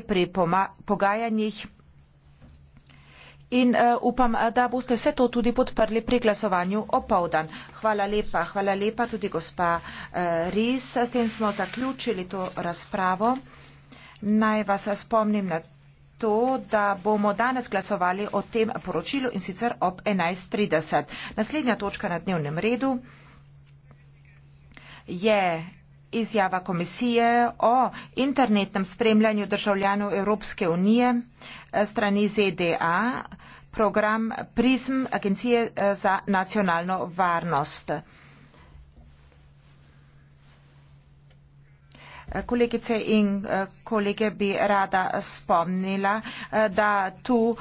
pripravljeni pri pogajanjih in uh, upam, eh, da boste vse to tudi podprli pri glasovanju opovdan. Hvala lepa, hvala lepa tudi gospa uh, eh, Riz. S tem smo zaključili to razpravo. Naj vas spomnim na to, da bomo danes glasovali o tem poročilu in sicer ob 11.30. Naslednja točka na dnevnem redu je izjava komisije o internetnem spremljanju državljanov Evropske unije eh, strani ZDA, program PRISM Agencije eh, za nacionalno varnost. Eh, kolegice in kolege bi rada spomnila, da tu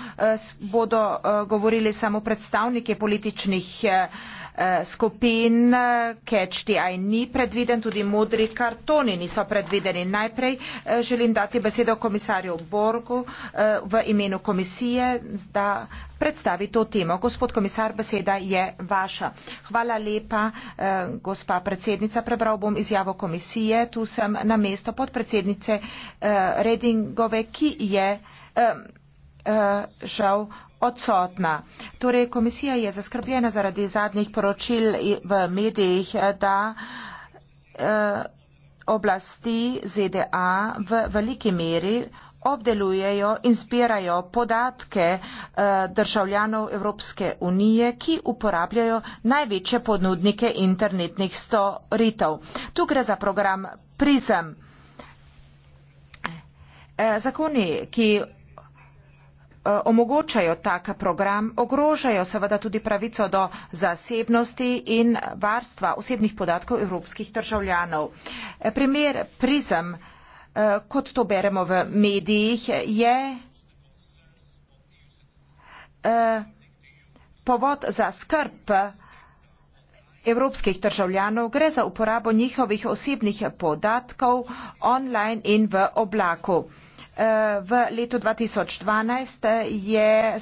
bodo govorili samo predstavniki političnih Eh, skupin, eh, catch the eye ni predviden, tudi modri kartoni niso predvideni. Najprej eh, želim dati besedo komisarju Borgu v imenu komisije, da predstavi to temo. Gospod komisar, beseda je vaša. Hvala lepa, gospa predsednica. Prebral bom izjavo komisije. Tu sem na mesto podpredsednice Redingove, ki je Eh, žal odsotna. Torej, komisija je zaskrbljena zaradi zadnjih poročil v medijih, eh, da eh, oblasti ZDA v veliki meri obdelujejo in zbirajo podatke državljanov Evropske unije, ki uporabljajo največje ponudnike internetnih storitev. Tu gre za program PRISM. Zakoni, ki Eh, omogočajo tak program, ogrožajo seveda tudi pravico do zasebnosti in varstva osebnih podatkov evropskih državljanov. Eh, primer prizem, eh, kot to beremo v medijih, je povod za skrb evropskih državljanov, gre za uporabo njihovih osebnih podatkov online in v oblaku v letu 2012 je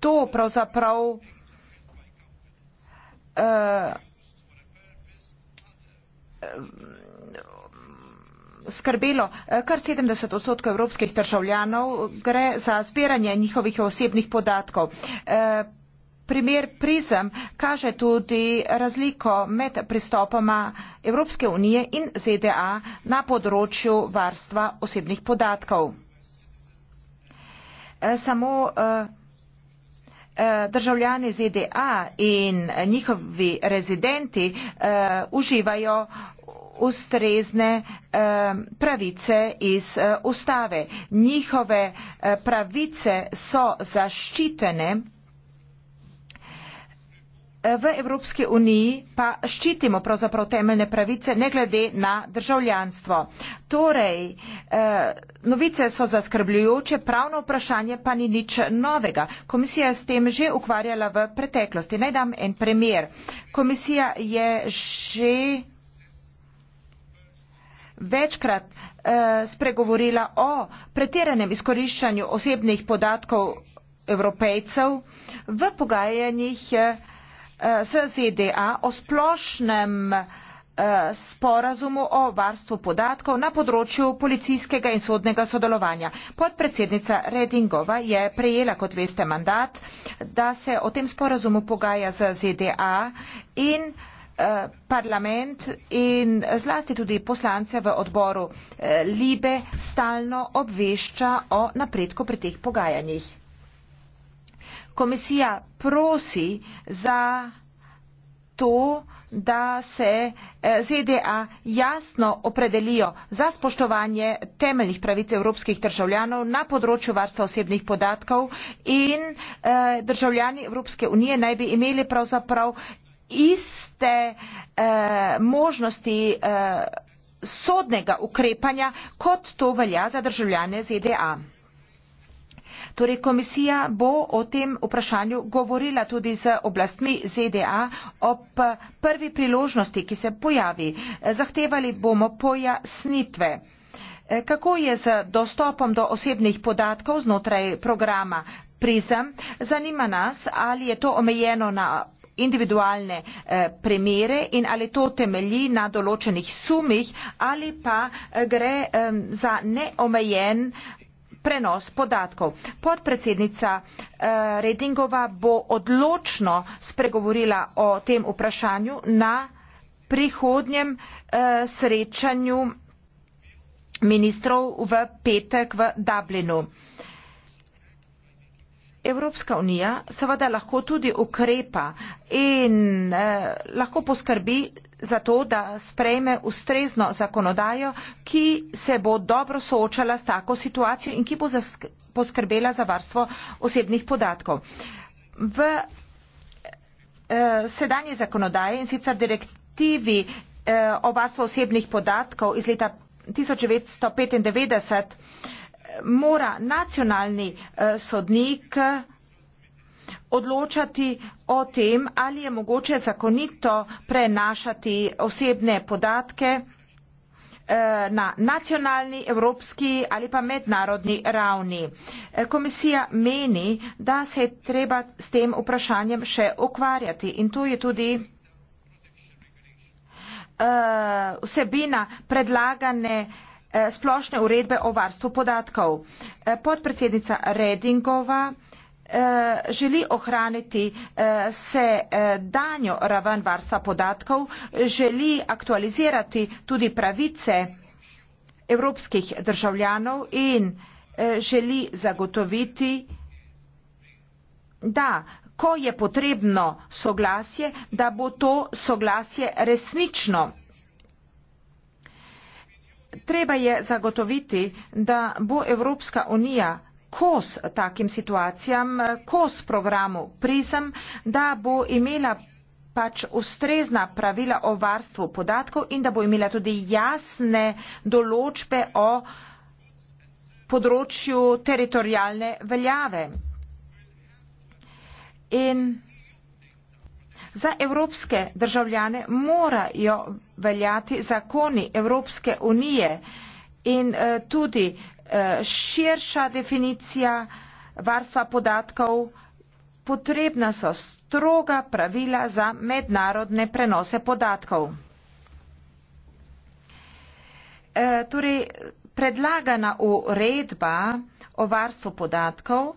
to pravzaprav eh, skrbelo eh, kar 70 odstotkov evropskih državljanov gre za zbiranje njihovih osebnih podatkov. Eh, primer prizem kaže tudi razliko med pristopoma Evropske unije in ZDA na področju varstva osebnih podatkov. Eh, samo eh, eh, državljani ZDA in njihovi rezidenti uživajo ustrezne pravice iz ustave. Njihove pravice so zaščitene V Evropski uniji pa ščitimo pravzaprav temeljne pravice, ne glede na državljanstvo. Torej, eh, novice so zaskrbljujoče, pravno vprašanje pa ni nič novega. Komisija je s tem že ukvarjala v preteklosti. Naj dam en primer. Komisija je že večkrat eh, spregovorila o pretiranem izkoriščanju osebnih podatkov evropejcev v pogajanjih eh, z ZDA o splošnem eh, sporazumu o varstvu podatkov na področju policijskega in sodnega sodelovanja. Podpredsednica Redingova je prejela, kot veste, mandat, da se o tem sporazumu pogaja z ZDA in eh, parlament in zlasti tudi poslance v odboru eh, Libe stalno obvešča o napredku pri teh pogajanjih komisija prosi za to, da se eh, ZDA jasno opredelijo za spoštovanje temeljnih pravic evropskih državljanov na področju varstva osebnih podatkov in eh, državljani Evropske unije naj bi imeli pravzaprav iste eh, možnosti eh, sodnega ukrepanja, kot to velja za državljane ZDA. Torej, komisija bo o tem vprašanju govorila tudi z oblastmi ZDA ob prvi priložnosti, ki se pojavi. Zahtevali bomo pojasnitve. Kako je z dostopom do osebnih podatkov znotraj programa PRISM? Zanima nas, ali je to omejeno na individualne eh, primere in ali to temelji na določenih sumih ali pa eh, gre eh, za neomejen prenos podatkov. Podpredsednica eh, Redingova bo odločno spregovorila o tem vprašanju na prihodnjem eh, srečanju ministrov v petek v Dublinu. Evropska unija seveda lahko tudi ukrepa in eh, lahko poskrbi zato, da sprejme ustrezno zakonodajo, ki se bo dobro soočala s tako situacijo in ki bo poskrbela za varstvo osebnih podatkov. V eh, sedanji zakonodaji in sicer direktivi eh, o varstvu osebnih podatkov iz leta 1995 mora nacionalni eh, sodnik eh, odločati o tem, ali je mogoče zakonito prenašati osebne podatke eh, na nacionalni, evropski ali pa mednarodni ravni. Eh, komisija meni, da se je treba s tem vprašanjem še ukvarjati in to je tudi eh, vsebina predlagane splošne uredbe o varstvu podatkov. Podpredsednica Redingova Eh, želi ohraniti eh, sedanjo eh, raven varstva podatkov, želi aktualizirati tudi pravice evropskih državljanov in želi zagotoviti, da ko je potrebno soglasje, da bo to soglasje resnično. Treba je zagotoviti, da bo Evropska unija kos takim situacijam, kos programu PRISM, da bo imela pač ustrezna pravila o varstvu podatkov in da bo imela tudi jasne določbe o področju teritorijalne veljave. In za evropske državljane morajo veljati zakoni Evropske unije in eh, tudi Eh, širša definicija varstva podatkov, potrebna so stroga pravila za mednarodne prenose podatkov. Eh, torej, predlagana uredba o varstvu podatkov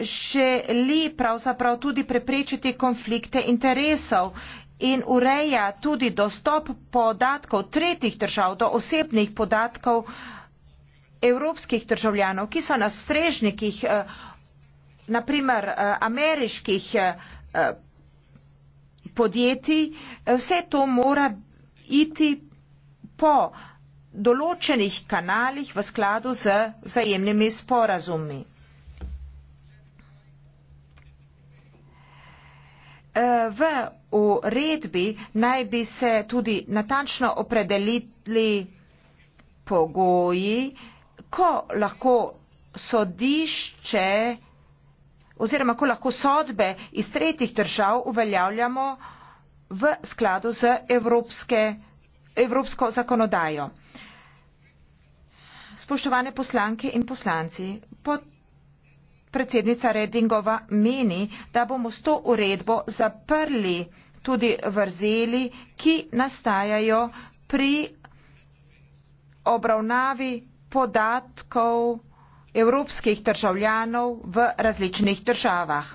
želi pravzaprav tudi preprečiti konflikte interesov in ureja tudi dostop podatkov tretjih držav do osebnih podatkov uh, evropskih državljanov, ki so na strežnikih, eh, naprimer eh, ameriških eh, podjetij, vse to mora iti po določenih kanalih v skladu z vzajemnimi sporazumi. V uredbi naj bi se tudi natančno opredelili pogoji, kako lahko sodišče oziroma kako lahko sodbe iz tretjih držav uveljavljamo v skladu z evropske, evropsko zakonodajo. Spoštovane poslanke in poslanci, pod predsednica Redingova meni, da bomo s to uredbo zaprli tudi vrzeli, ki nastajajo pri obravnavi podatkov evropskih državljanov v različnih državah.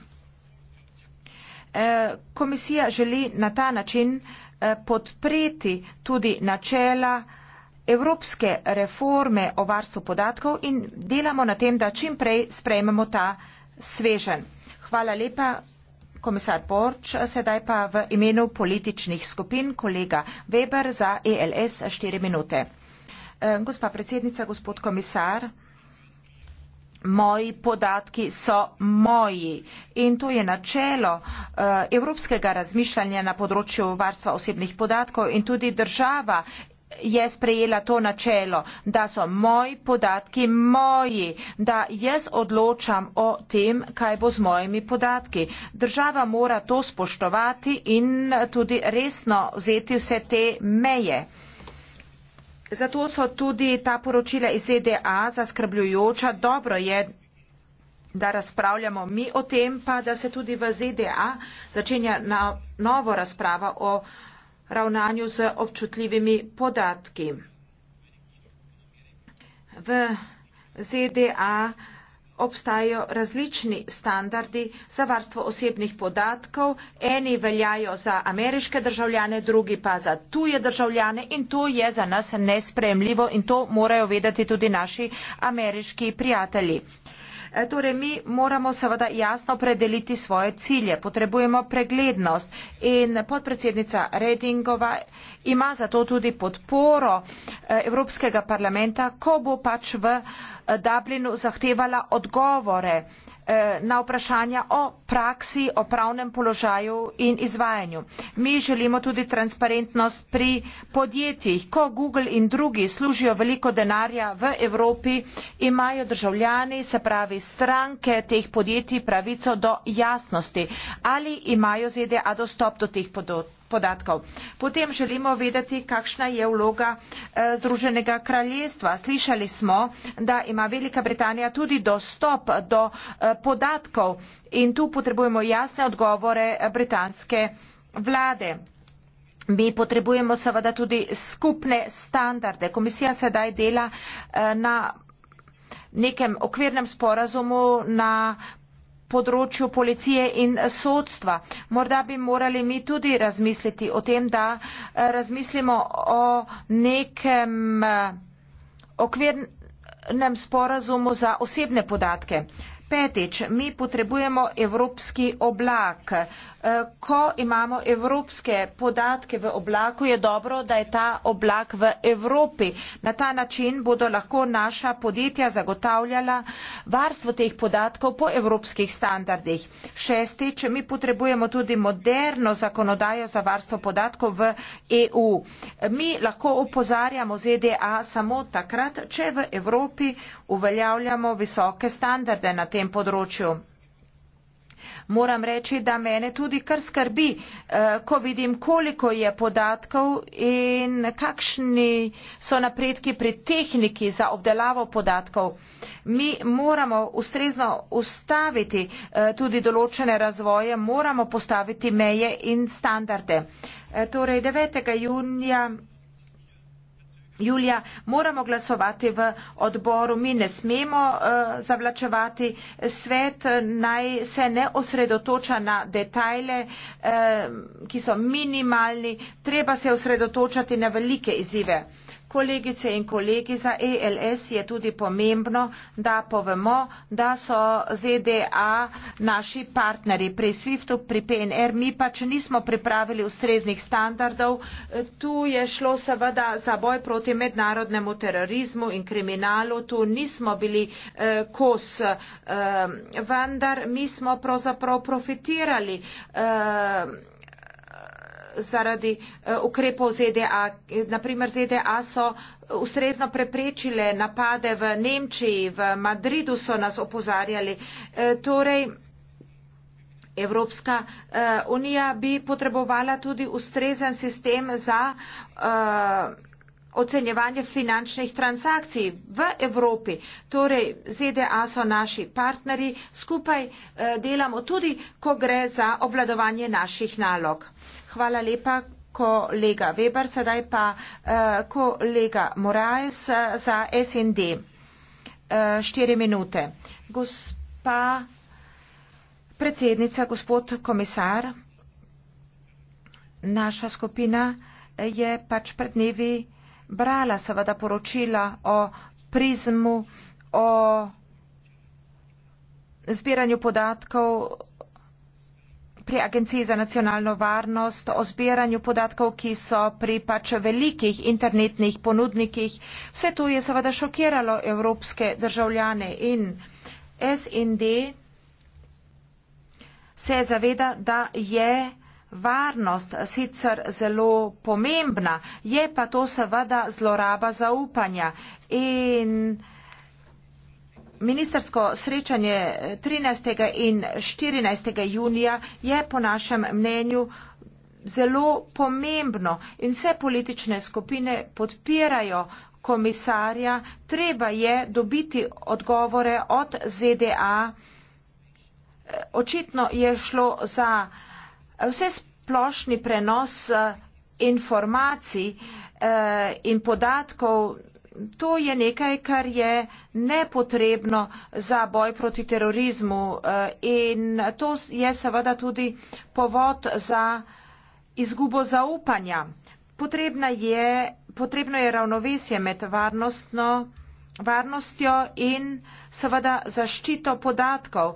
Eh, komisija želi na ta način eh, podpreti tudi načela evropske reforme o varstvu podatkov in delamo na tem, da čim prej sprejmemo ta svežen. Hvala lepa, komisar Borč, sedaj pa v imenu političnih skupin kolega Weber za ELS 4 minute. Eh, gospa predsednica, gospod komisar, moji podatki so moji in to je načelo eh, evropskega razmišljanja na področju varstva osebnih podatkov in tudi država je sprejela to načelo, da so moji podatki moji, da jaz odločam o tem, kaj bo z mojimi podatki. Država mora to spoštovati in tudi resno vzeti vse te meje. Zato so tudi ta poročila iz ZDA zaskrbljujoča. Dobro je, da razpravljamo mi o tem, pa da se tudi v ZDA začenja na novo razprava o ravnanju z občutljivimi podatki. V ZDA obstajajo različni standardi za varstvo osebnih podatkov. Eni veljajo za ameriške državljane, drugi pa za tuje državljane in to je za nas nespremljivo in to morajo vedeti tudi naši ameriški prijatelji. E, torej, mi moramo seveda jasno predeliti svoje cilje, potrebujemo preglednost in podpredsednica Redingova ima zato tudi podporo e, Evropskega parlamenta, ko bo pač v e, Dublinu zahtevala odgovore Eh, na vprašanja o praksi o pravnem položaju in izvajanju. mi želimo tudi transparentnost pri podjetjih ko google in drugi služijo veliko denarja v evropi imajo državljani se pravi stranke teh podjetij pravico do jasnosti ali imajo zda dostop do teh podatkov podatkov. Potem želimo vedeti, kakšna je vloga eh, Združenega kraljestva. Slišali smo, da ima Velika Britanija tudi dostop do eh, podatkov in tu potrebujemo jasne odgovore eh, britanske vlade. Mi potrebujemo seveda tudi skupne standarde. Komisija sedaj dela na nekem okvirnem sporazumu na področju policije in sodstva. Morda bi morali mi tudi razmisliti o tem, da eh, razmislimo o nekem eh, okvirnem sporazumu za osebne podatke. Petič, mi potrebujemo evropski oblak. Eh, ko imamo evropske podatke v oblaku, je dobro, da je ta oblak v Evropi. Na ta način bodo lahko naša podjetja zagotavljala varstvo teh podatkov po evropskih standardih. Šestič, mi potrebujemo tudi moderno zakonodajo za varstvo podatkov v EU. Mi lahko upozarjamo ZDA samo takrat, če v Evropi uveljavljamo visoke standarde na tem tem področju. Moram reči, da mene tudi kar skrbi, eh, ko vidim, koliko je podatkov in kakšni so napredki pri tehniki za obdelavo podatkov. Mi moramo ustrezno ustaviti eh, tudi določene razvoje, moramo postaviti meje in standarde. Eh, torej, 9. junija Julija, moramo glasovati v odboru, mi ne smemo uh, zavlačevati, svet eh, naj se ne osredotoča na detajle, uh, ki so minimalni, treba se osredotočati na velike izzive kolegice in kolegi, za ELS je tudi pomembno, da povemo, da so ZDA naši partneri pri SWIFT-u, pri PNR, mi pač nismo pripravili ustreznih standardov. Tu je šlo seveda za boj proti mednarodnemu terorizmu in kriminalu, tu nismo bili eh, kos, eh, vendar mi smo pravzaprav profitirali. Eh, zaradi eh, ukrepov ZDA. Naprimer, ZDA so ustrezno preprečile napade v Nemčiji, v Madridu so nas opozarjali. Eh, torej, Evropska eh, unija bi potrebovala tudi ustrezen sistem za ocenjevanje finančnih transakcij v Evropi. Torej, ZDA so naši partneri, skupaj eh, delamo tudi, ko gre za obladovanje naših nalog. Hvala lepa. Kolega Weber, sedaj pa uh, kolega Moraes uh, za SND. Štiri uh, minute. Gospa predsednica, gospod komisar, naša skupina je pač pred dnevi uh, brala seveda poročila o prizmu, o zbiranju podatkov pri Agenciji za nacionalno varnost, o zbiranju podatkov, ki so pri pač velikih internetnih ponudnikih. Vse to je seveda šokiralo evropske državljane in SND se zaveda, da je varnost sicer zelo pomembna, je pa to seveda zloraba zaupanja. In ministersko srečanje 13. in 14. junija je po našem mnenju zelo pomembno in vse politične skupine podpirajo komisarja, treba je dobiti odgovore od ZDA. Očitno je šlo za Vse splošni prenos eh, informacij eh, in podatkov, to je nekaj, kar je nepotrebno za boj proti terorizmu eh, in to je seveda tudi povod za izgubo zaupanja. Potrebna je, potrebno je ravnovesje med varnostno, varnostjo in seveda zaščito podatkov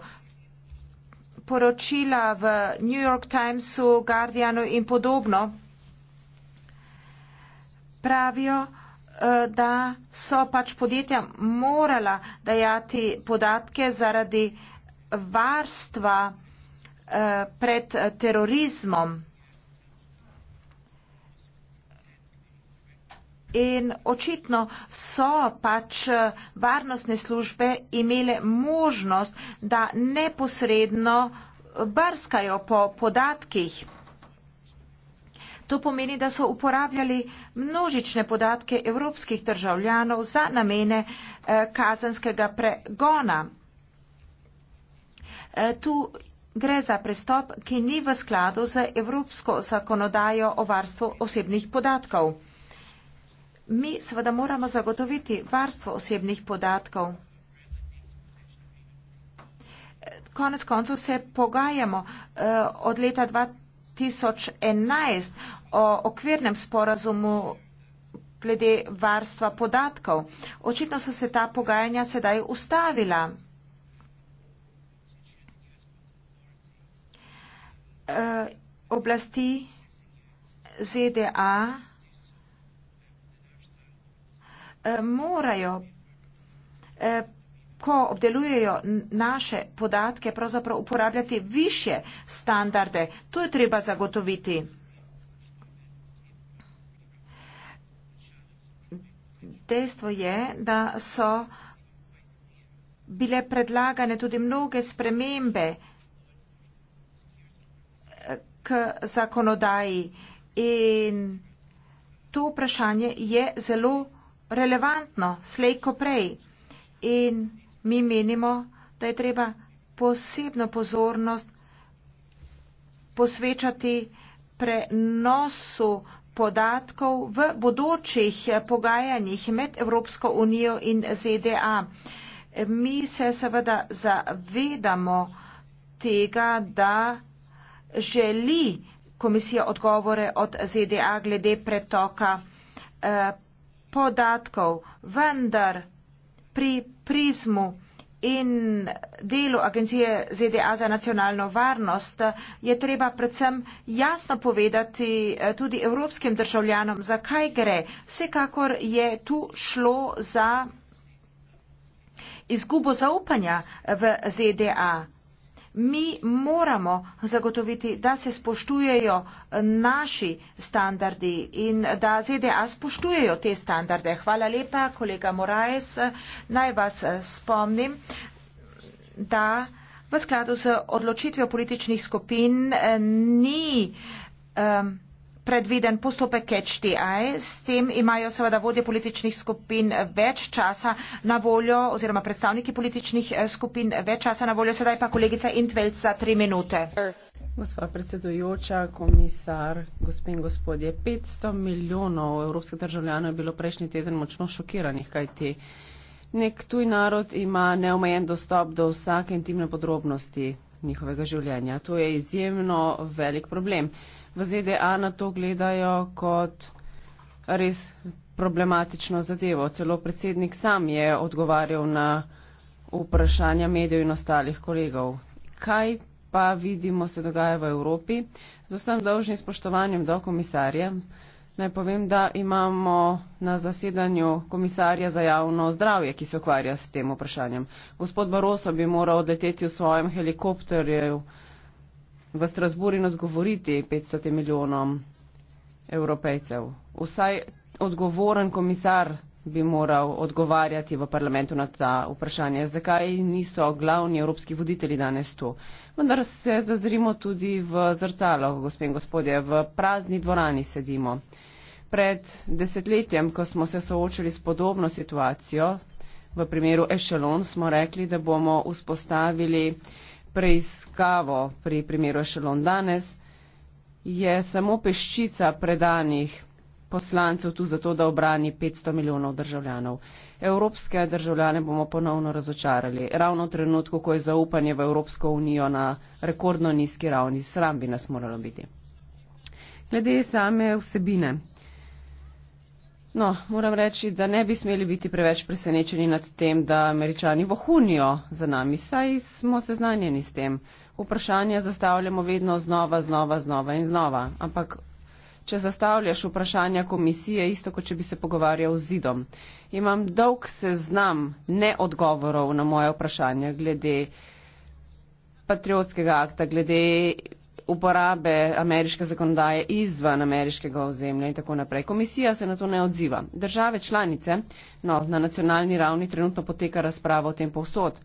poročila v New York Timesu, Guardianu in podobno, pravijo, eh, da so pač podjetja morala dajati podatke zaradi varstva eh, pred terorizmom. In očitno so pač eh, varnostne službe imele možnost, da neposredno eh, brskajo po podatkih. To pomeni, da so uporabljali množične podatke evropskih državljanov za namene eh, kazanskega pregona. Tu gre za prestop, ki ni v skladu z evropsko zakonodajo o varstvu osebnih podatkov mi seveda moramo zagotoviti varstvo osebnih podatkov. Konec koncu se pogajamo eh, od leta 2011 o okvirnem sporazumu glede varstva podatkov. Očitno so se ta pogajanja sedaj ustavila. Eh, oblasti ZDA morajo, eh, ko obdelujejo naše podatke, pravzaprav uporabljati više standarde. To je treba zagotoviti. Dejstvo je, da so bile predlagane tudi mnoge spremembe eh, k zakonodaji in to vprašanje je zelo relevantno, slej ko prej. In mi menimo, da je treba posebno pozornost posvečati prenosu podatkov v bodočih pogajanjih med Evropsko unijo in ZDA. Mi se seveda zavedamo tega, da želi komisija odgovore od ZDA glede pretoka eh, podatkov, vendar pri prizmu in delu agencije ZDA za nacionalno varnost je treba predvsem jasno povedati eh, tudi evropskim državljanom, zakaj gre. Vsekakor je tu šlo za izgubo zaupanja v ZDA mi moramo zagotoviti, da se spoštujejo naši standardi in da ZDA spoštujejo te standarde. Hvala lepa, kolega Moraes. Naj vas eh, spomnim, da v skladu z odločitvijo političnih skupin eh, ni. Um, predviden postopek HDI. S tem imajo seveda vodje političnih skupin več časa na voljo oziroma predstavniki političnih eh, skupin več časa na voljo. Sedaj pa kolegica Intveld za tri minute. Gospa predsedujoča, komisar, gospe in gospodje, 500 milijonov evropskih državljanov je bilo prejšnji teden močno šokiranih, kajti nek tuj narod ima neomejen dostop do vsake intimne podrobnosti njihovega življenja. To je izjemno velik problem v ZDA na to gledajo kot res problematično zadevo. Celo predsednik sam je odgovarjal na vprašanja medijev in ostalih kolegov. Kaj pa vidimo se dogaja v Evropi? Z vsem dolžnim spoštovanjem do komisarja. Naj povem, da imamo na zasedanju komisarja za javno zdravje, ki se ukvarja s tem vprašanjem. Gospod Baroso bi moral odleteti v svojem helikopterju v Strasburu in odgovoriti 500 milijonom evropejcev. Vsaj odgovoren komisar bi moral odgovarjati v parlamentu na ta vprašanje, zakaj niso glavni evropski voditelji danes tu. Vendar se zazrimo tudi v zrcalo, gospe in gospodje, v prazni dvorani sedimo. Pred desetletjem, ko smo se soočili s podobno situacijo, v primeru Echelon, smo rekli, da bomo vzpostavili preiskavo pri primeru Šelon danes, je samo peščica predanih poslancev tu zato, da obrani 500 milijonov državljanov. Evropske državljane bomo ponovno razočarali. Ravno v trenutku, ko je zaupanje v Evropsko unijo na rekordno nizki ravni, sram bi nas moralo biti. Glede same vsebine. No, moram reči, da ne bi smeli biti preveč presenečeni nad tem, da američani vohunijo za nami, saj smo seznanjeni s tem. Vprašanja zastavljamo vedno znova, znova, znova in znova. Ampak če zastavljaš vprašanja komisije, isto kot če bi se pogovarjal z zidom. Imam dolg seznam neodgovorov na moje vprašanja glede patriotskega akta, glede uporabe ameriške zakonodaje izvan ameriškega ozemlja in tako naprej. Komisija se na to ne odziva. Države članice, no, na nacionalni ravni trenutno poteka razprava o tem povsod,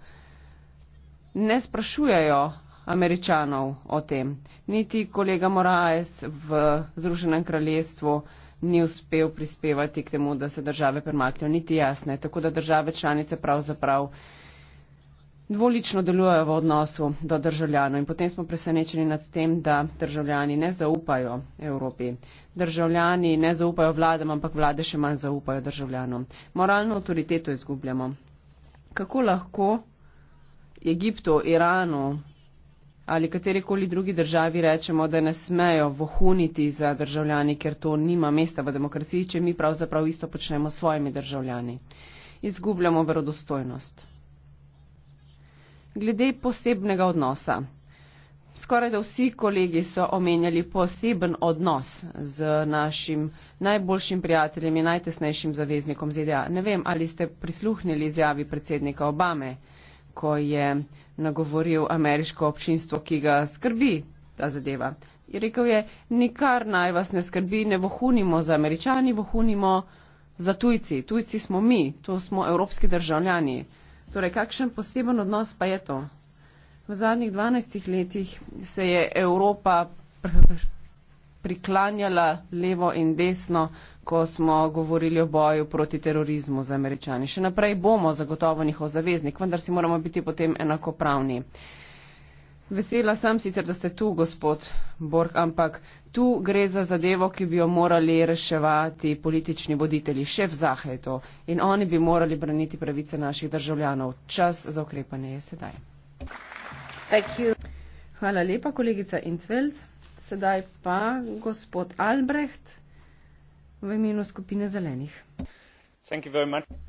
ne sprašujejo američanov o tem. Niti kolega Moraes v Združenem kraljestvu ni uspel prispevati k temu, da se države premaknejo, niti jasne. Tako da države članice pravzaprav. Prav dvolično delujejo v odnosu do državljanov in potem smo presenečeni nad tem, da državljani ne zaupajo Evropi. Državljani ne zaupajo vladam, ampak vlade še manj zaupajo državljanom. Moralno avtoriteto izgubljamo. Kako lahko Egiptu, Iranu ali katerikoli drugi državi rečemo, da ne smejo vohuniti za državljani, ker to nima mesta v demokraciji, če mi pravzaprav isto počnemo s svojimi državljani. Izgubljamo verodostojnost glede posebnega odnosa. Skoraj da vsi kolegi so omenjali poseben odnos z našim najboljšim prijateljem in najtesnejšim zaveznikom ZDA. Ne vem, ali ste prisluhnili izjavi predsednika Obame, ko je nagovoril ameriško občinstvo, ki ga skrbi ta zadeva. Je rekel je, nikar naj vas ne skrbi, ne vohunimo za američani, vohunimo za tujci. Tujci smo mi, to smo evropski državljani. Torej, kakšen poseben odnos pa je to? V zadnjih 12 letih se je Evropa pr pr priklanjala levo in desno, ko smo govorili o boju proti terorizmu z američani. Še naprej bomo zagotovo njihov zaveznik, vendar si moramo biti potem enakopravni. Vesela sem sicer, da ste tu, gospod Borg, ampak tu gre za zadevo, ki bi jo morali reševati politični voditelji, šef Zahajto, in oni bi morali braniti pravice naših državljanov. Čas za ukrepanje je sedaj. Hvala lepa, kolegica Intveld. Sedaj pa gospod Albrecht v imenu skupine zelenih.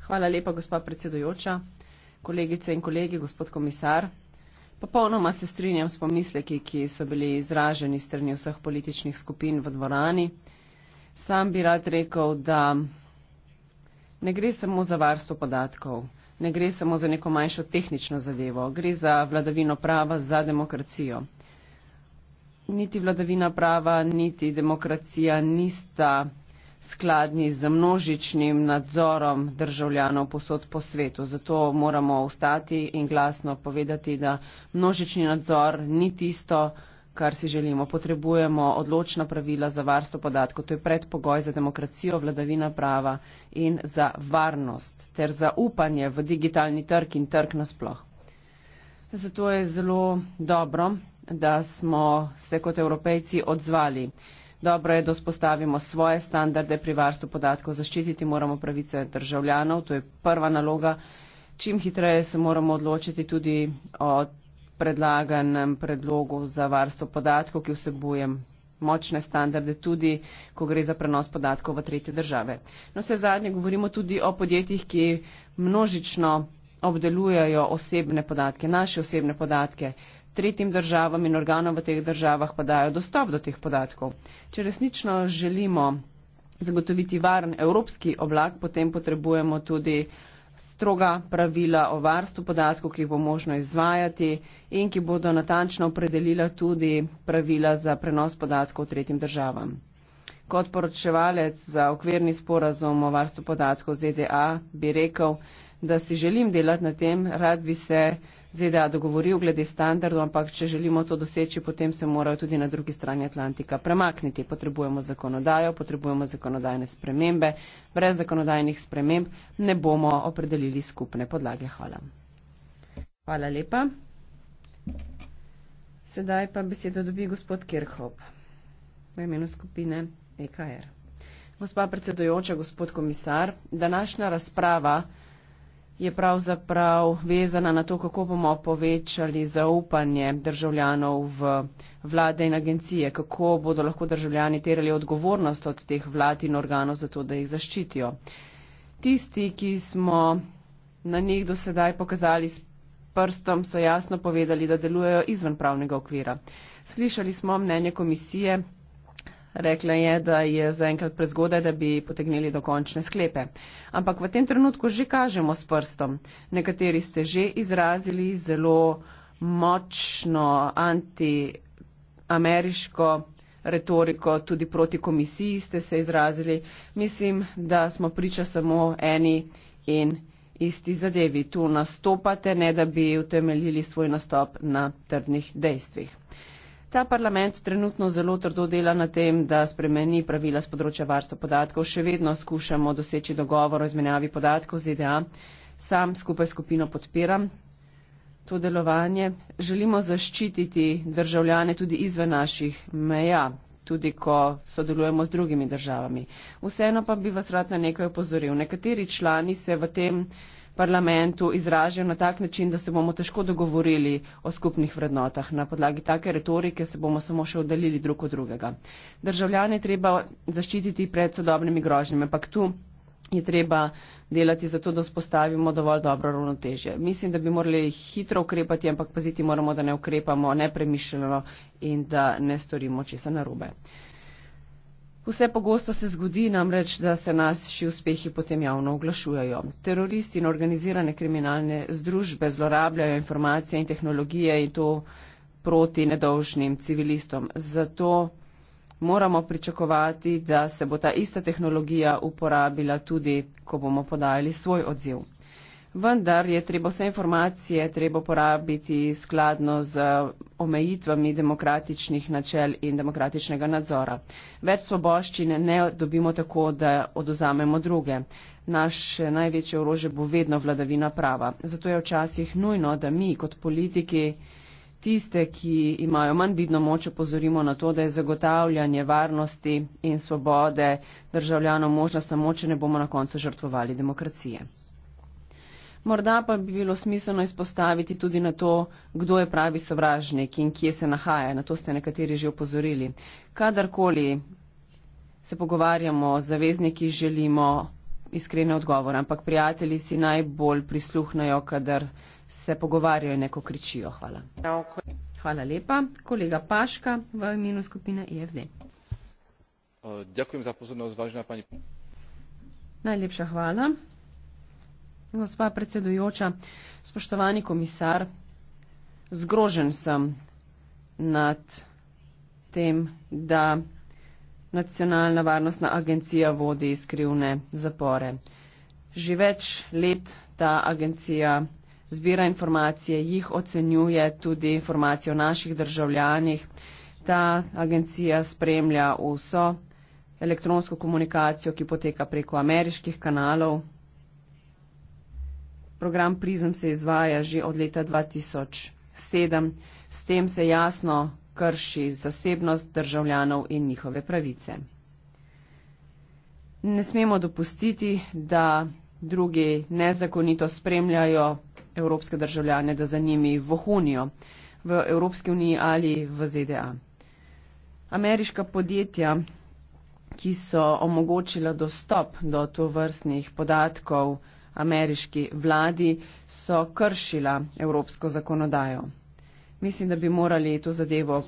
Hvala lepa, gospa predsedujoča, kolegice in kolegi, gospod komisar. Popolnoma se strinjam s pomisleki, ki so bili izraženi strani vseh političnih skupin v dvorani. Sam bi rad rekel, da ne gre samo za varstvo podatkov, ne gre samo za neko manjšo tehnično zadevo, gre za vladavino prava, za demokracijo. Niti vladavina prava, niti demokracija nista skladni z množičnim nadzorom državljanov posod po svetu. Zato moramo ostati in glasno povedati, da množični nadzor ni tisto, kar si želimo. Potrebujemo odločna pravila za varstvo podatkov. To je predpogoj za demokracijo, vladavina prava in za varnost ter za upanje v digitalni trg in trg nasploh. Zato je zelo dobro, da smo se kot evropejci odzvali. Dobro je, da spostavimo svoje standarde pri varstvu podatkov, zaščititi moramo pravice državljanov, to je prva naloga. Čim hitreje se moramo odločiti tudi o predlaganem predlogu za varstvo podatkov, ki vsebujem močne standarde, tudi ko gre za prenos podatkov v tretje države. No, vse zadnje govorimo tudi o podjetjih, ki množično obdelujejo osebne podatke, naše osebne podatke tretjim državam in organom v teh državah pa dajo dostop do teh podatkov. Če resnično želimo zagotoviti varen evropski oblak, potem potrebujemo tudi stroga pravila o varstvu podatkov, ki jih bo možno izvajati in ki bodo natančno opredelila tudi pravila za prenos podatkov tretjim državam. Kot poročevalec za okvirni sporazum o varstvu podatkov ZDA bi rekel, da si želim delati na tem, rad bi se ZDA dogovoril glede standardov, ampak če želimo to doseči, potem se morajo tudi na drugi strani Atlantika premakniti. Potrebujemo zakonodajo, potrebujemo zakonodajne spremembe. Brez zakonodajnih sprememb ne bomo opredelili skupne podlage. Hvala. Hvala lepa. Sedaj pa besedo dobi gospod Kirchhoff v imenu skupine EKR. Gospa predsedojoča, gospod komisar, današnja razprava je pravzaprav vezana na to, kako bomo povečali zaupanje državljanov v vlade in agencije, kako bodo lahko državljani terali odgovornost od teh vlad in organov za to, da jih zaščitijo. Tisti, ki smo na njih do sedaj pokazali s prstom, so jasno povedali, da delujejo izven pravnega okvira. Slišali smo mnenje komisije, Rekla je, da je zaenkrat prezgodaj, da bi potegnili dokončne sklepe. Ampak v tem trenutku že kažemo s prstom. Nekateri ste že izrazili zelo močno antiameriško retoriko, tudi proti komisiji ste se izrazili. Mislim, da smo priča samo eni in isti zadevi. Tu nastopate, ne da bi utemeljili svoj nastop na trdnih dejstvih ta parlament trenutno zelo trdo dela na tem, da spremeni pravila z področja varstva podatkov. Še vedno skušamo doseči dogovor o izmenjavi podatkov z EDA. Sam skupaj skupino podpiram to delovanje. Želimo zaščititi državljane tudi izven naših meja, tudi ko sodelujemo z drugimi državami. Vseeno pa bi vas rad na nekaj opozoril. Nekateri člani se v tem parlamentu izražajo na tak način, da se bomo težko dogovorili o skupnih vrednotah. Na podlagi take retorike se bomo samo še oddaljili drug od drugega. Državljane treba zaščititi pred sodobnimi grožnjami, ampak tu je treba delati zato, da vzpostavimo dovolj dobro ravnotežje. Mislim, da bi morali hitro ukrepati, ampak paziti moramo, da ne ukrepamo nepremišljeno in da ne storimo česa narobe. Vse pogosto se zgodi namreč, da se naši uspehi potem javno oglašujejo. Teroristi in organizirane kriminalne združbe zlorabljajo informacije in tehnologije in to proti nedolžnim civilistom. Zato moramo pričakovati, da se bo ta ista tehnologija uporabila tudi, ko bomo podajali svoj odziv vendar je treba vse informacije treba uporabiti skladno z omejitvami demokratičnih načel in demokratičnega nadzora. Več svoboščin ne dobimo tako, da oduzamemo druge. Naše največje orože bo vedno vladavina prava. Zato je včasih nujno, da mi kot politiki tiste, ki imajo manj vidno moč, opozorimo na to, da je zagotavljanje varnosti in svobode državljanov možnost, samo če ne bomo na koncu žrtvovali demokracije. Morda pa bi bilo smiselno izpostaviti tudi na to, kdo je pravi sovražnik in kje se nahaja. Na to ste nekateri že opozorili. Kadarkoli se pogovarjamo, zavezniki želimo iskrene odgovore, ampak prijatelji si najbolj prisluhnajo, kadar se pogovarjajo in neko kričijo. Hvala. Hvala lepa. Kolega Paška v imenu skupine IFD. E Najlepša hvala. Gospa predsedujoča, spoštovani komisar, zgrožen sem nad tem, da Nacionalna varnostna agencija vodi skrivne zapore. Že več let ta agencija zbira informacije, jih ocenjuje tudi informacije o naših državljanih. Ta agencija spremlja vso elektronsko komunikacijo, ki poteka preko ameriških kanalov, Program Prizem se izvaja že od leta 2007. S tem se jasno krši zasebnost državljanov in njihove pravice. Ne smemo dopustiti, da drugi nezakonito spremljajo evropske državljane, da za njimi vohunijo v Evropski uniji ali v ZDA. Ameriška podjetja, ki so omogočila dostop do to vrstnih podatkov, ameriški vladi so kršila evropsko zakonodajo. Mislim, da bi morali to zadevo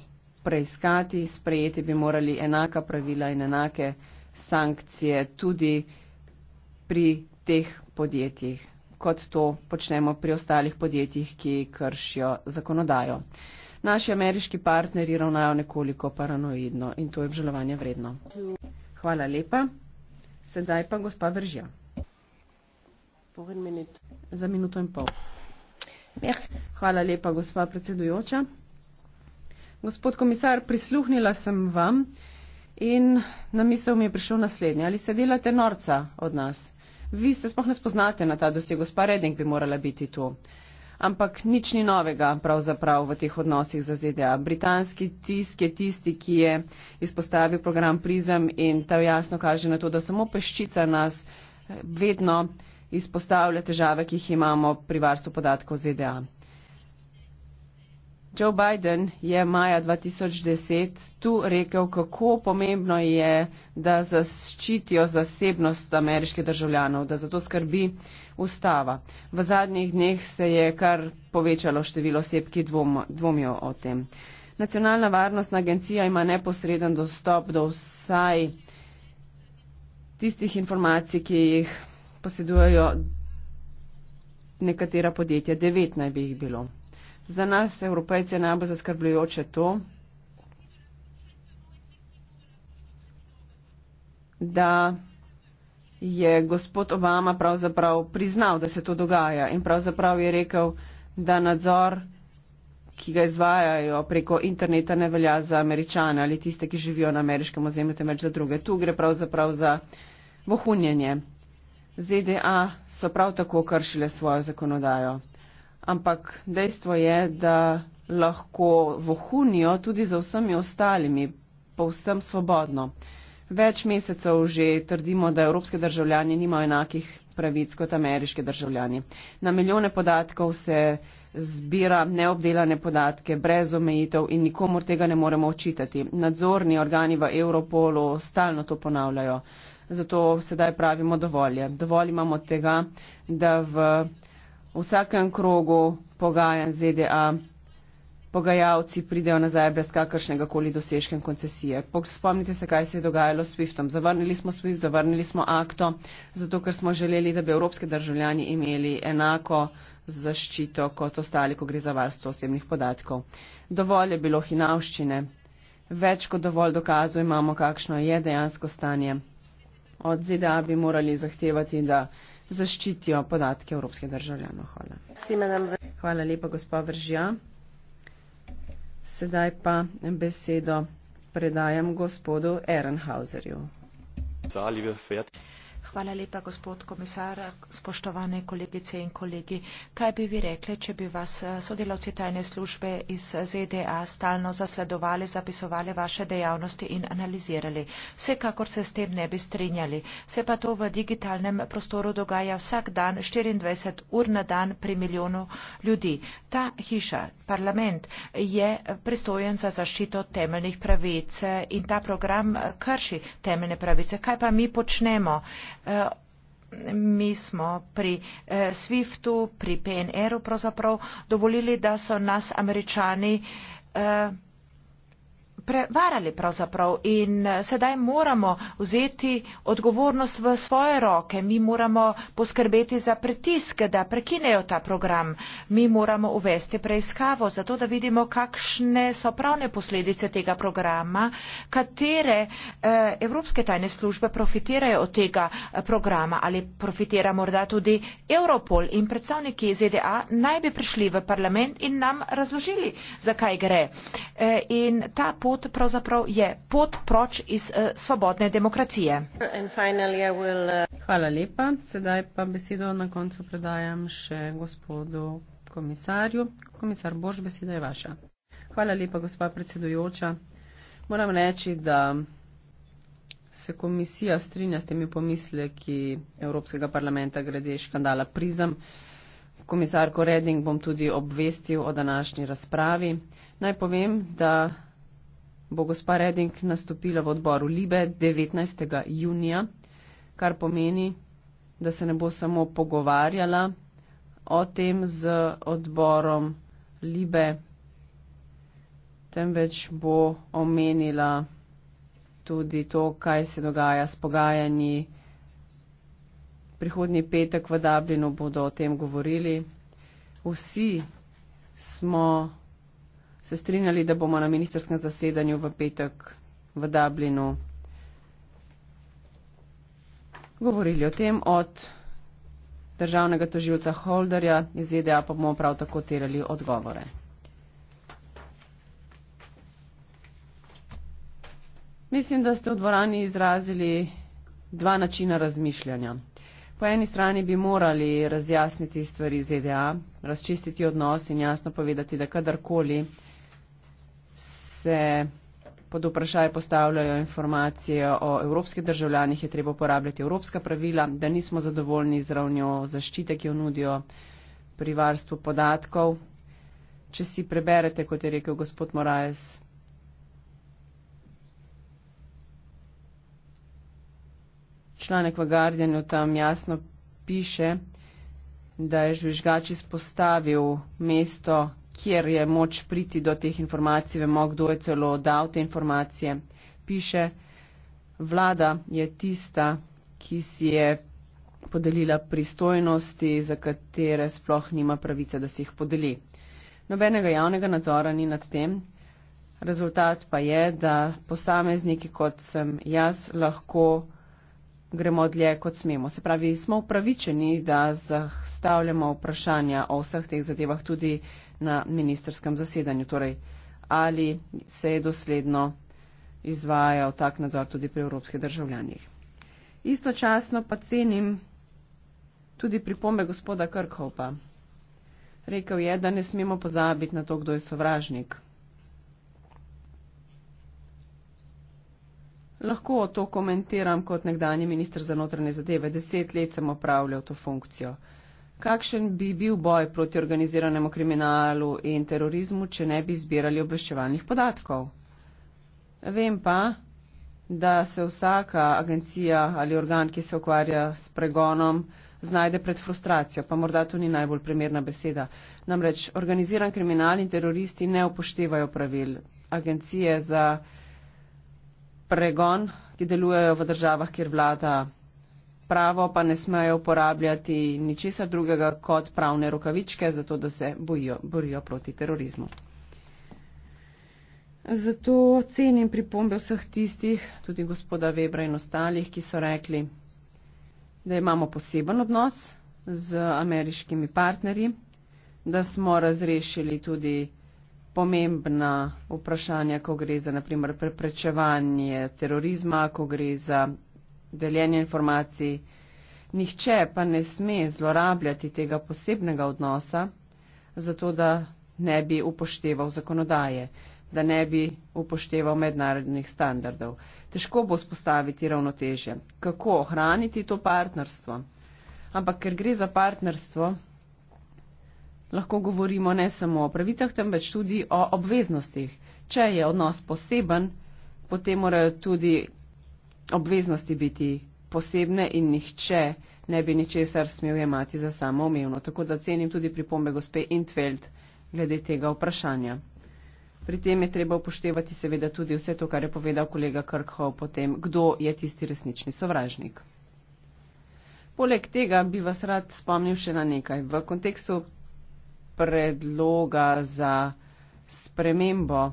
preiskati, sprejeti bi morali enaka pravila in enake sankcije tudi pri teh podjetjih, kot to počnemo pri ostalih podjetjih, ki kršijo zakonodajo. Naši ameriški partneri ravnajo nekoliko paranoidno in to je obžalovanje vredno. Hvala lepa. Sedaj pa gospa Vržja. Za minuto in pol. Hvala lepa, gospa predsedujoča. Gospod komisar, prisluhnila sem vam in na misel mi je prišel naslednji. Ali se delate norca od nas? Vi se spohne spoznate na ta dosje, gospa Reding bi morala biti tu. Ampak nič ni novega pravzaprav v teh odnosih za ZDA. Britanski tisk je tisti, ki je izpostavil program Prizem in ta jasno kaže na to, da samo peščica nas vedno izpostavlja težave, ki jih imamo pri varstvu podatkov ZDA. Joe Biden je maja 2010 tu rekel, kako pomembno je, da zaščitijo zasebnost ameriških državljanov, da zato skrbi ustava. V zadnjih dneh se je kar povečalo število oseb, ki dvom, dvomijo o tem. Nacionalna varnostna agencija ima neposreden dostop do vsaj tistih informacij, ki jih posedujejo nekatera podjetja, devet naj bi jih bilo. Za nas, evropejce, je najbolj zaskrbljujoče to, da je gospod Obama pravzaprav priznal, da se to dogaja in pravzaprav je rekel, da nadzor, ki ga izvajajo preko interneta, ne velja za američane ali tiste, ki živijo na ameriškem ozemlju, temveč za druge. Tu gre pravzaprav za vohunjenje. ZDA so prav tako kršile svojo zakonodajo. Ampak dejstvo je, da lahko vohunijo tudi za vsemi ostalimi, povsem svobodno. Več mesecev že trdimo, da evropske državljani nimajo enakih pravic kot ameriške državljani. Na milijone podatkov se zbira neobdelane podatke brez omejitev in nikomor tega ne moremo očitati. Nadzorni organi v Europolu stalno to ponavljajo zato sedaj pravimo dovolj je. Dovolj imamo tega, da v vsakem krogu pogajanj ZDA pogajalci pridejo nazaj brez kakršnega koli dosežka in koncesije. Spomnite se, kaj se je dogajalo s SWIFTom. Zavrnili smo SWIFT, zavrnili smo akto, zato ker smo želeli, da bi evropske državljani imeli enako zaščito kot ostali, ko gre za varstvo osebnih podatkov. Dovolj je bilo hinavščine, več kot dovolj dokazov imamo, kakšno je dejansko stanje od ZDA bi morali zahtevati, da zaščitijo podatke evropskih državljanov. Hvala. Hvala lepa, gospod Vržja. Sedaj pa besedo predajam gospodu Ehrenhauserju. Hvala lepa, gospod komisar, spoštovane kolegice in kolegi. Kaj bi vi rekli, če bi vas eh, sodelavci tajne službe iz eh, ZDA stalno zasledovali, zapisovali vaše dejavnosti in analizirali? Vsekakor se s tem ne bi strinjali. Se pa to v digitalnem prostoru dogaja vsak dan, 24 ur na dan pri milijonu ljudi. Ta hiša, parlament, je pristojen za zaščito temeljnih pravic eh, in ta program krši temeljne pravice. Kaj pa mi počnemo? Eh, mi smo pri eh, SWIFT-u, pri PNR-u pravzaprav dovolili, da so nas američani eh, prevarali pravzaprav in eh, sedaj moramo vzeti odgovornost v svoje roke. Mi moramo poskrbeti za pritisk, da prekinejo ta program. Mi moramo uvesti preiskavo, zato da vidimo, kakšne so pravne posledice tega programa, katere eh, evropske tajne službe profitirajo od tega eh, programa ali profitira morda tudi Europol in predstavniki ZDA naj bi prišli v parlament in nam razložili, zakaj gre. In ta pot pot pravzaprav je pot proč iz eh, svobodne demokracije. Eh, Hvala lepa. Sedaj pa besedo na koncu predajam še gospodu komisarju. Komisar Borž, beseda je vaša. Hvala lepa, gospa predsedujoča. Moram reči, da se komisija strinja s temi pomisleki Evropskega parlamenta glede škandala prizem. Komisarko Reding bom tudi obvestil o današnji razpravi. Naj povem, da bo gospa Reding nastopila v odboru Libe 19. junija, kar pomeni, da se ne bo samo pogovarjala o tem z odborom Libe, temveč bo omenila tudi to, kaj se dogaja s pogajanji. Prihodnji petek v Dublinu bodo o tem govorili. Vsi smo se strinjali, da bomo na ministerskem zasedanju v petek v Dublinu govorili o tem od državnega toživca Holderja iz ZDA, pa bomo prav tako terali odgovore. Mislim, da ste v dvorani izrazili dva načina razmišljanja. Po eni strani bi morali razjasniti stvari ZDA, razčistiti odnos in jasno povedati, da kadarkoli se pod vprašaj postavljajo informacije o evropskih državljanih, je treba uporabljati evropska pravila, da nismo zadovoljni z ravnjo zaščite, ki jo nudijo pri varstvu podatkov. Če si preberete, kot je rekel gospod Moraes, članek v Guardianu tam jasno piše, da je žvižgač izpostavil mesto, kjer je moč priti do teh informacij, vemo, kdo je celo dal te informacije. Piše, vlada je tista, ki si je podelila pristojnosti, za katere sploh nima pravice, da si jih podeli. Nobenega javnega nadzora ni nad tem. Rezultat pa je, da posamezniki, kot sem jaz, lahko gremo dlje, kot smemo. Se pravi, smo upravičeni, da zastavljamo vprašanja o vseh teh zadevah tudi na ministerskem zasedanju. Torej, ali se je dosledno izvajal tak nadzor tudi pri evropskih državljanjih. Istočasno pa cenim tudi pripombe gospoda Krkhopa. Rekel je, da ne smemo pozabiti na to, kdo je sovražnik. Lahko to komentiram kot nekdani minister za notranje zadeve. Deset let sem opravljal to funkcijo. Kakšen bi bil boj proti organiziranemu kriminalu in terorizmu, če ne bi zbirali obveščevalnih podatkov? Vem pa, da se vsaka agencija ali organ, ki se ukvarja s pregonom, znajde pred frustracijo, pa morda to ni najbolj primerna beseda. Namreč organiziran kriminal in teroristi ne upoštevajo pravil. Agencije za pregon, ki delujejo v državah, kjer vlada pravo pa ne smejo uporabljati ničesar drugega kot pravne rokavičke, zato da se bojijo, borijo proti terorizmu. Zato cenim pripombe vseh tistih, tudi gospoda Webra in ostalih, ki so rekli, da imamo poseben odnos z ameriškimi partnerji, da smo razrešili tudi pomembna vprašanja, ko gre za naprimer preprečevanje terorizma, ko gre za deljenje informacij. Nihče pa ne sme zlorabljati tega posebnega odnosa, zato da ne bi upošteval zakonodaje, da ne bi upošteval mednarodnih standardov. Težko bo spostaviti ravnoteže. Kako ohraniti to partnerstvo? Ampak ker gre za partnerstvo, lahko govorimo ne samo o pravicah, temveč tudi o obveznostih. Če je odnos poseben, potem morajo tudi obveznosti biti posebne in nihče ne bi ničesar smel jemati za samoumevno. Tako da cenim tudi pripombe gospe Intveld glede tega vprašanja. Pri tem je treba upoštevati seveda tudi vse to, kar je povedal kolega Krkhov o tem, kdo je tisti resnični sovražnik. Poleg tega bi vas rad spomnil še na nekaj. V kontekstu predloga za spremembo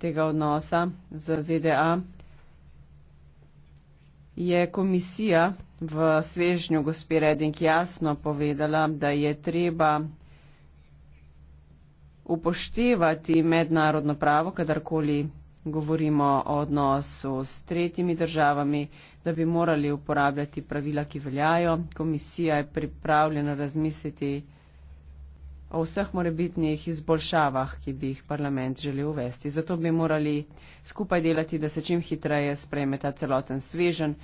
tega odnosa z ZDA, je komisija v svežnju gospe Redink jasno povedala, da je treba upoštevati mednarodno pravo, kadarkoli govorimo o odnosu s tretjimi državami, da bi morali uporabljati pravila, ki veljajo. Komisija je pripravljena razmisliti o vseh morebitnih izboljšavah, ki bi jih parlament želel uvesti. Zato bi morali skupaj delati, da se čim hitreje sprejme ta celoten svežen.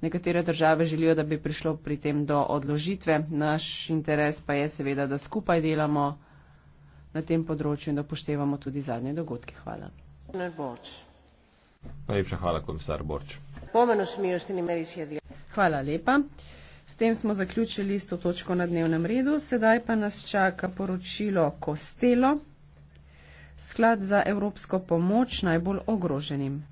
Nekatere države želijo, da bi prišlo pri tem do odložitve. Naš interes pa je seveda, da skupaj delamo na tem področju in da poštevamo tudi zadnje dogodke. Hvala. Najlepša hvala, komisar Borč. Hvala lepa. S tem smo zaključili s to točko na dnevnem redu, sedaj pa nas čaka poročilo Kostelo, sklad za evropsko pomoč najbolj ogroženim.